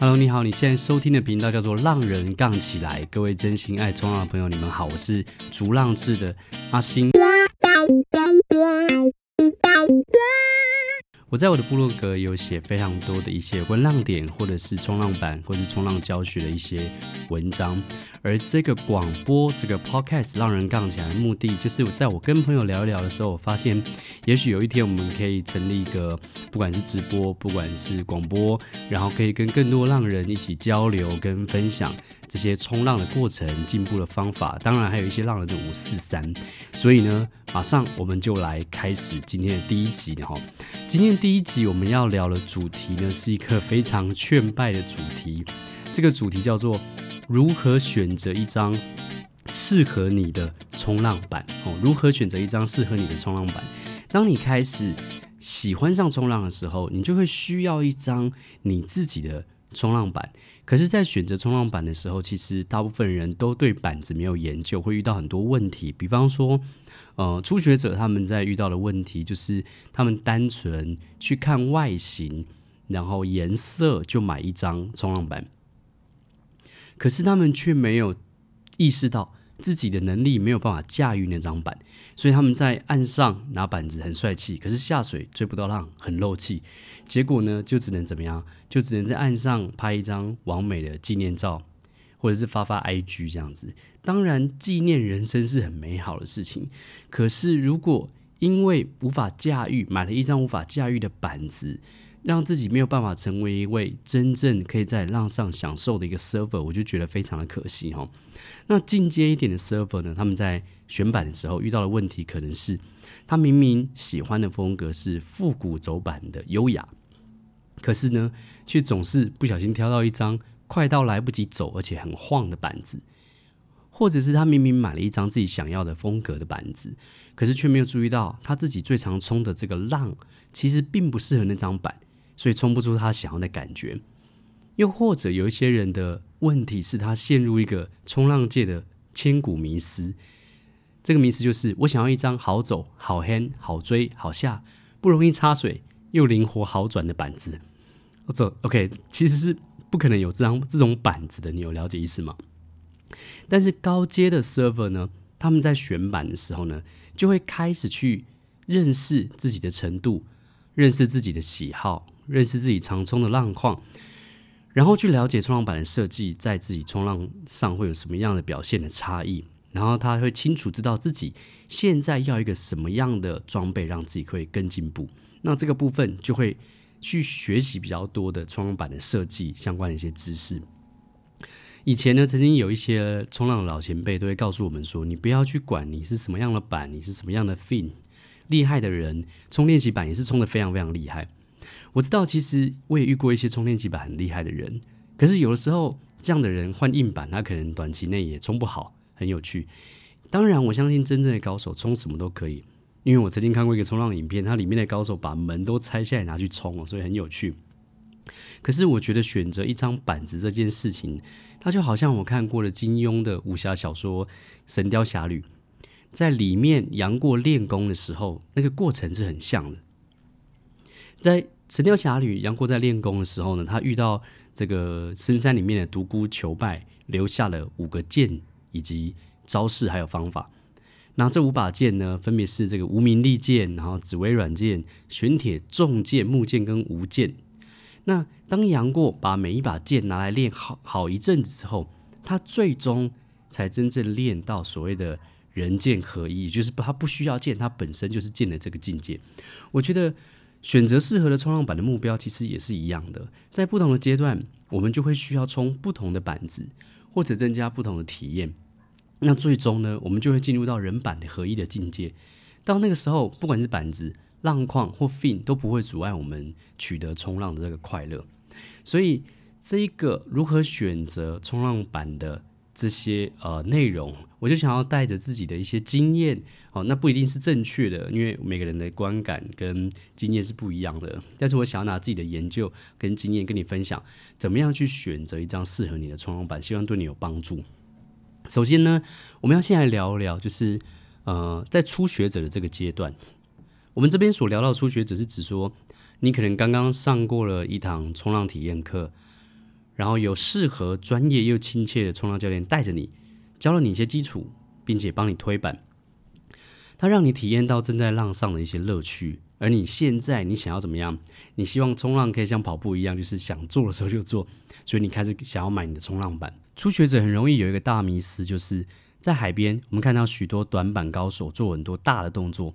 哈嘍，你好，你現在收聽的頻道叫做《浪人槓起來》，各位真心愛衝浪的朋友，你們好，我是逐浪誌的阿星。我在我的部落格有寫非常多的一些關於浪點，或者是衝浪板，或者是衝浪教學的一些文章。而這個廣播，這個 Podcast 浪人槓起來的目的，就是我在我跟朋友聊一聊的時候，我發現也許有一天我們可以成立一個，不管是直播，不管是廣播，然後可以跟更多浪人一起交流跟分享。這些衝浪的過程、進步的方法，當然還有一些浪人的五四三。所以呢，馬上我們就來開始今天的第一集。然後，今天第一集我們要聊的主題呢，是一個非常勸敗的主題。這個主題叫做如何選擇一張適合你的衝浪板。哦，如何選擇一張適合你的衝浪板？當你開始喜歡上衝浪的時候，你就會需要一張你自己的。衝浪板，可是，在選擇衝浪板的時候，其實大部分人都對板子沒有研究，會遇到很多問題。比方說，呃，初學者他們在遇到的問題就是，他們單純去看外形，然後顏色就買一張衝浪板，可是他們卻沒有意識到。自己的能力沒有辦法駕馭那張板，所以他們在岸上拿板子很帥氣，可是下水追不到浪很漏氣。結果呢，就只能怎麼樣？就只能在岸上拍一張完美的紀念照，或者是發發 IG 這樣子。當然，紀念人生是很美好的事情，可是如果因為無法駕馭，買了一張無法駕馭的板子。讓自己沒有辦法成為一位真正可以在浪上享受的一個 server，我就覺得非常的可惜哈、哦。那進階一點的 server 呢，他們在選板的時候遇到的問題可能是，他明明喜歡的風格是復古走板的優雅，可是呢，卻總是不小心挑到一張快到來不及走而且很晃的板子，或者是他明明買了一張自己想要的風格的板子，可是卻沒有注意到他自己最常衝的這個浪其實並不適合那張板。所以衝不出他想要的感覺，又或者有一些人的問題是，他陷入一個衝浪界的千古迷思。這個迷思就是：我想要一張好走、好掀、好追、好下、不容易插水又靈活好轉的板子。這 OK，其實是不可能有這張這種板子的。你有了解意思嗎？但是高階的 server 呢，他們在選板的時候呢，就會開始去認識自己的程度，認識自己的喜好。認識自己常衝的浪況，然後去了解衝浪板的設計，在自己衝浪上會有什麼樣的表現的差異。然後他會清楚知道自己現在要一個什麼樣的裝備，讓自己可以更進步。那這個部分就會去學習比較多的衝浪板的設計相關的一些知識。以前呢，曾經有一些衝浪的老前輩都會告訴我們說：“你不要去管你是什麼樣的板，你是什麼樣的 fin，厲害的人衝練習板也是衝得非常非常厲害。”我知道，其實我也遇過一些充電幾板很厲害的人，可是有的時候這樣的人換硬板，他可能短期內也衝不好，很有趣。當然，我相信真正的高手衝什麼都可以，因為我曾經看過一個衝浪影片，它裡面的高手把門都拆下來拿去衝了，所以很有趣。可是我覺得選擇一張板子這件事情，它就好像我看過的金庸的武俠小說《神雕俠侶》，在裡面楊過練功的時候，那個過程是很像的，在。《神鵰俠侶》，楊過在練功的時候呢，他遇到這個深山裡面的獨孤求敗，留下了五個劍以及招式還有方法。那這五把劍呢，分別是這個無名利劍，然後紫薇軟劍、玄鐵重劍、木劍跟無劍。那當楊過把每一把劍拿來練好好一陣子之後，他最終才真正練到所謂的人劍合一，就是他不需要劍，他本身就是劍的這個境界。我覺得。選擇適合的衝浪板的目標其實也是一樣的，在不同的階段，我們就會需要衝不同的板子，或者增加不同的體驗。那最終呢，我們就會進入到人板的合一的境界。到那個時候，不管是板子、浪況或 fin，都不會阻礙我們取得衝浪的這個快樂。所以，這一個如何選擇衝浪板的這些呃內容，我就想要帶着自己的一些經驗。好，那不一定是正確的，因為每個人的觀感跟經驗是不一樣的。但是我想要拿自己的研究跟經驗跟你分享，怎麼樣去選擇一張適合你的衝浪板，希望對你有幫助。首先呢，我們要先來聊一聊，就是呃，在初學者的這個階段，我們這邊所聊到的初學者，是指說你可能剛剛上過了一堂衝浪體驗課，然後有適合、專業又親切的衝浪教練帶着你，教了你一些基礎，並且幫你推板。它讓你體驗到正在浪上的一些樂趣，而你現在你想要怎麼樣？你希望衝浪可以像跑步一樣，就是想做的時候就做。所以你開始想要買你的衝浪板。初學者很容易有一個大迷思，就是在海邊，我們看到許多短板高手做很多大的動作，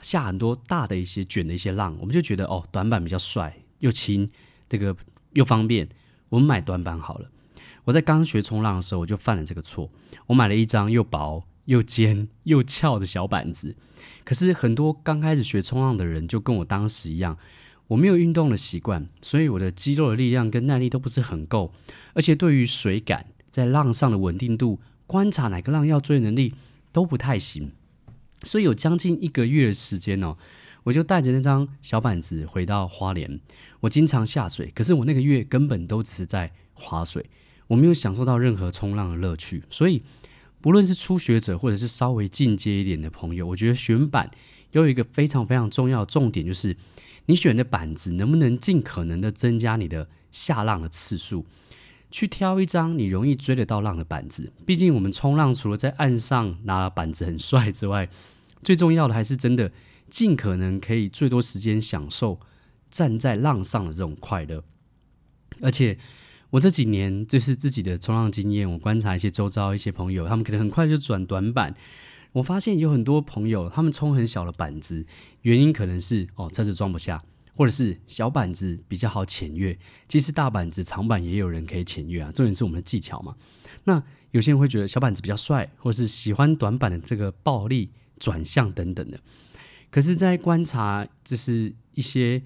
下很多大的一些卷的一些浪，我們就覺得哦，短板比較帥，又輕，這個又方便。我們買短板好了。我在剛學衝浪的時候，我就犯了這個錯，我買了一張又薄。又尖又翹的小板子，可是很多剛開始學衝浪的人就跟我當時一樣，我沒有運動的習慣，所以我的肌肉的力量跟耐力都不是很夠，而且對於水感、在浪上的穩定度、觀察哪個浪要追的能力都不太行，所以有將近一個月的時間哦，我就帶着那張小板子回到花蓮，我經常下水，可是我那個月根本都只是在划水，我沒有享受到任何衝浪的樂趣，所以。不論是初學者或者是稍微進階一點的朋友，我覺得選板也有一個非常非常重要的重點，就是你選的板子能不能盡可能的增加你的下浪的次數，去挑一張你容易追得到浪的板子。畢竟我們衝浪除了在岸上拿板子很帥之外，最重要的還是真的盡可能可以最多時間享受站在浪上的這種快樂，而且。我這幾年就是自己的衝浪經驗，我觀察一些周遭一些朋友，他們可能很快就轉短板。我發現有很多朋友他們衝很小的板子，原因可能是哦，車子裝不下，或者是小板子比較好潛越。其實大板子長板也有人可以潛越啊，重點是我們的技巧嘛。那有些人會覺得小板子比較帥，或者是喜歡短板的這個暴力轉向等等的。可是，在觀察，就是一些。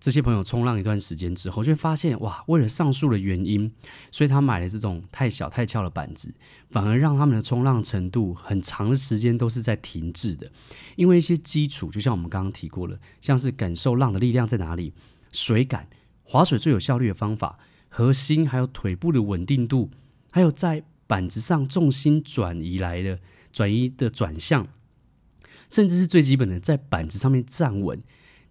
這些朋友衝浪一段時間之後，就會發現哇，為了上述的原因，所以他買了這種太小太翹的板子，反而讓他們的衝浪程度很長的時間都是在停滯的。因為一些基礎，就像我們剛剛提過了，像是感受浪的力量在哪裡、水感、划水最有效率的方法、核心、還有腿部的穩定度，還有在板子上重心轉移來的轉移的轉向，甚至是最基本的在板子上面站穩。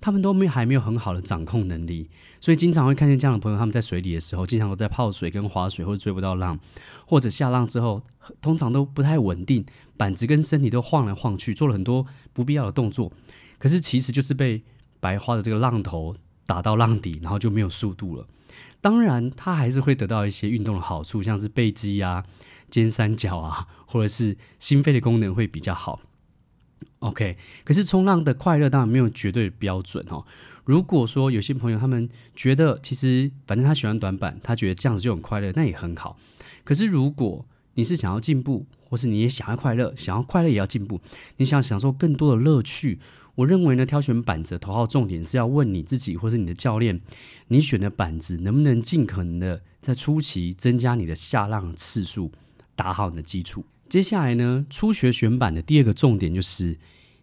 他們都沒還沒有很好的掌控能力，所以經常會看見這樣的朋友，他們在水裡的時候，經常都在泡水跟划水，或者追不到浪，或者下浪之後，通常都不太穩定，板子跟身體都晃來晃去，做了很多不必要的動作。可是其實就是被白花的這個浪頭打到浪底，然後就沒有速度了。當然，他還是會得到一些運動的好處，像是背肌啊、肩三角啊，或者是心肺的功能會比較好。OK，可是衝浪的快樂當然沒有絕對的標準哦。如果說有些朋友他們覺得，其實反正他喜歡短板，他覺得這樣子就很快樂，那也很好。可是如果你是想要進步，或是你也想要快樂，想要快樂也要進步，你想要享受更多的樂趣，我認為呢，挑選板子的頭號重點是要問你自己或是你的教練，你選的板子能不能盡可能的在初期增加你的下浪次數，打好你的基礎。接下來呢，初學選板的第二個重點就是，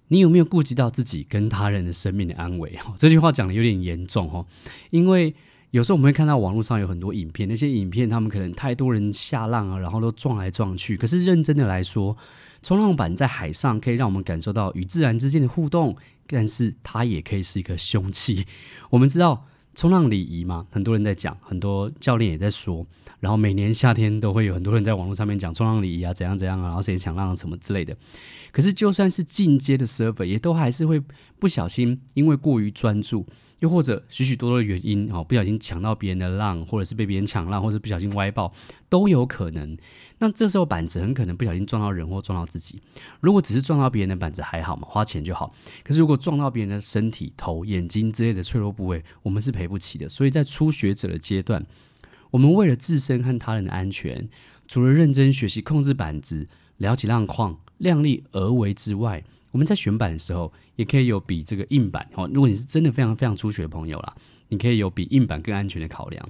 你有沒有顧及到自己跟他人的生命的安危？哦，這句話講得有點嚴重哦，因為有時候我們會看到網絡上有很多影片，那些影片他們可能太多人下浪啊，然後都撞來撞去。可是認真的來說，衝浪板在海上可以讓我們感受到與自然之間的互動，但是它也可以是一個兇器。我們知道。衝浪禮儀嘛，很多人在講，很多教練也在說，然後每年夏天都會有很多人在網絡上面講衝浪禮儀啊，怎樣怎樣啊，然後誰搶浪啊，什麼之類的。可是就算是進階的 server，也都還是會不小心，因為過於專注。又或者許許多多的原因哦，不小心搶到別人的浪，或者是被別人搶浪，或者是不小心歪爆，都有可能。那這時候板子很可能不小心撞到人或撞到自己。如果只是撞到別人的板子還好嘛，花錢就好。可是如果撞到別人的身體、頭、眼睛之類的脆弱部位，我們是賠不起的。所以在初學者的階段，我們為了自身和他人的安全，除了認真學習控制板子、了解浪況、量力而為之外，我們在選板的時候，也可以有比這個硬板，如果你是真的非常非常初學的朋友啦，你可以有比硬板更安全的考量。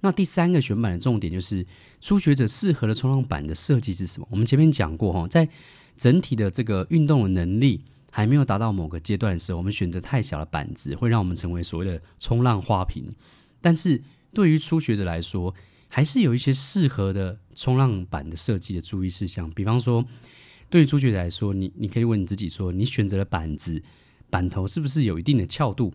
那第三個選板的重點就是初學者適合的衝浪板的設計是什麼？我們前面講過哈，在整體的這個運動的能力還沒有達到某個階段的時候，我們選擇太小的板子會讓我們成為所謂的衝浪花瓶。但是對於初學者來說，還是有一些適合的衝浪板的設計的注意事項，比方說，對於初學者來說，你你可以問你自己說，你選擇的板子板頭是不是有一定的翹度？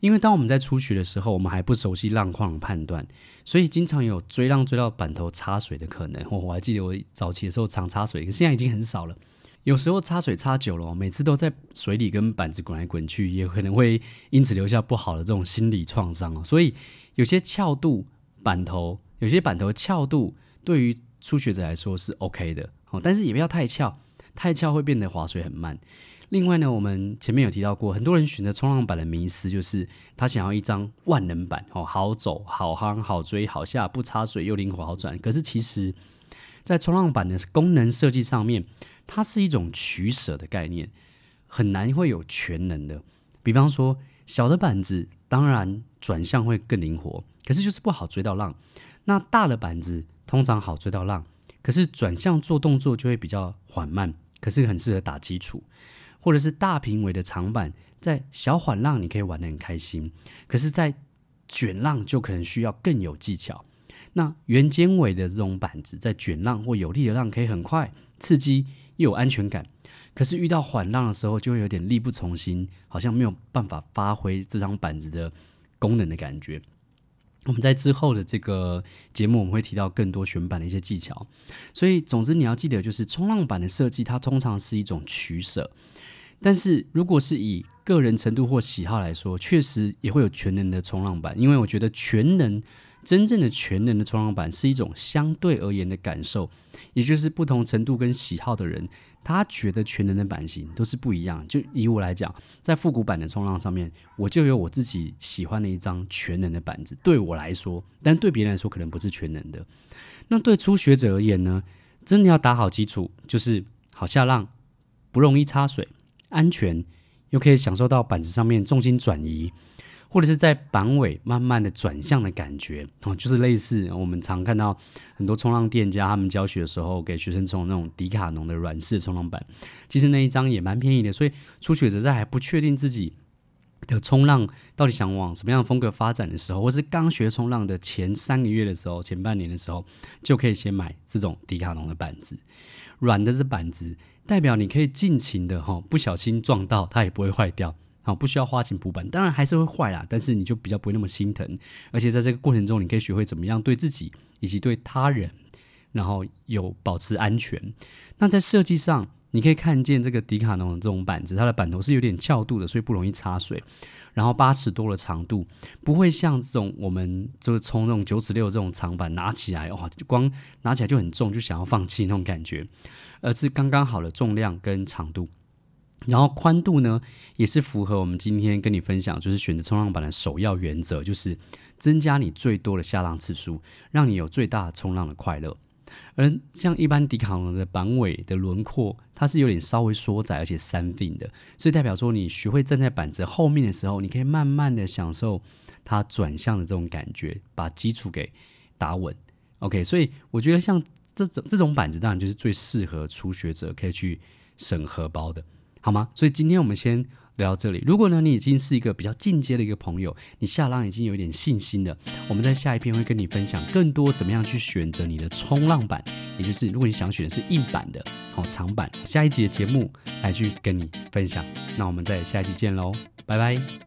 因為當我們在初學的時候，我們還不熟悉浪況的判斷，所以經常有追浪追到板頭插水的可能。我、哦、我還記得我早期的時候常插水，可是現在已經很少了。有時候插水插久了，每次都在水裡跟板子滾來滾去，也可能會因此留下不好的這種心理創傷哦。所以有些翹度板頭，有些板頭的翹度對於初學者來說是 OK 的。但是也不要太翹，太翹會變得划水很慢。另外呢，我們前面有提到過，很多人選擇衝浪板的迷思就是他想要一張萬能板，哦，好走、好行、好追、好下，不插水又靈活好轉。可是其實，在衝浪板的功能設計上面，它是一種取捨的概念，很難會有全能的。比方說，小的板子當然轉向會更靈活，可是就是不好追到浪。那大的板子通常好追到浪，可是轉向做動作就會比較緩慢，可是很適合打基礎，或者是大平尾的長板，在小緩浪，你可以玩得很開心，可是，在卷浪就可能需要更有技巧。那圓尖尾的這種板子，在卷浪或有力的浪可以很快刺激又有安全感，可是遇到緩浪的時候就會有點力不從心，好像沒有辦法發揮這張板子的功能的感覺。我們在之後的這個節目，我們會提到更多選板的一些技巧。所以，總之你要記得，就是衝浪板的設計它通常是一種取捨。但是如果是以個人程度或喜好來說，確實也會有全能的衝浪板，因為我覺得全能。真正的全能的衝浪板是一種相對而言的感受，也就是不同程度跟喜好的人，他覺得全能的版型都是不一樣的。就以我來講，在複古版的衝浪上面，我就有我自己喜歡的一張全能的板子。對我來說，但對別人來說可能不是全能的。那對初學者而言呢？真的要打好基礎，就是好下浪，不容易插水，安全，又可以享受到板子上面重心轉移。或者是在板尾慢慢的轉向的感覺哦，就是類似我們常看到很多衝浪店家他們教學的時候，給學生衝的那種迪卡儂的軟式衝浪板，其實那一張也蠻便宜的。所以初學者在還不確定自己的衝浪到底想往什麼樣的風格發展的時候，或是剛學衝浪的前三個月的時候、前半年的時候，就可以先買這種迪卡儂的板子，軟的這板子代表你可以盡情的哈，不小心撞到它也不會壞掉。啊，不需要花錢補板，當然還是會壞啦，但是你就比較不會那麼心疼，而且在這個過程中，你可以學會怎麼樣對自己以及對他人，然後有保持安全。那在設計上，你可以看見這個迪卡儂這種板子，它的板頭是有點翹度的，所以不容易插水。然後八尺多的長度，不會像這種我們就是從那種九尺六這種長板拿起來，哇，就光拿起來就很重，就想要放棄那種感覺，而是剛剛好的重量跟長度。然後寬度呢，也是符合我們今天跟你分享，就是選擇衝浪板的首要原則，就是增加你最多的下浪次數，讓你有最大衝浪的快樂。而像一般迪卡儂的板尾的輪廓，它是有點稍微縮窄而且三併的，所以代表說你學會站在板子後面的時候，你可以慢慢的享受它轉向的這種感覺，把基礎給打穩。OK，所以我覺得像這種這種板子，當然就是最適合初學者可以去省荷包的，好嗎？所以今天我們先聊到這裡。如果呢，你已經是一個比較進階的一個朋友，你下浪已經有一點信心了，我們在下一篇會跟你分享更多怎麼樣去選擇你的衝浪板，也就是如果你想選的是硬板的，好、哦、長板，下一集的節目來去跟你分享。那我們在下一集見嘍，拜拜。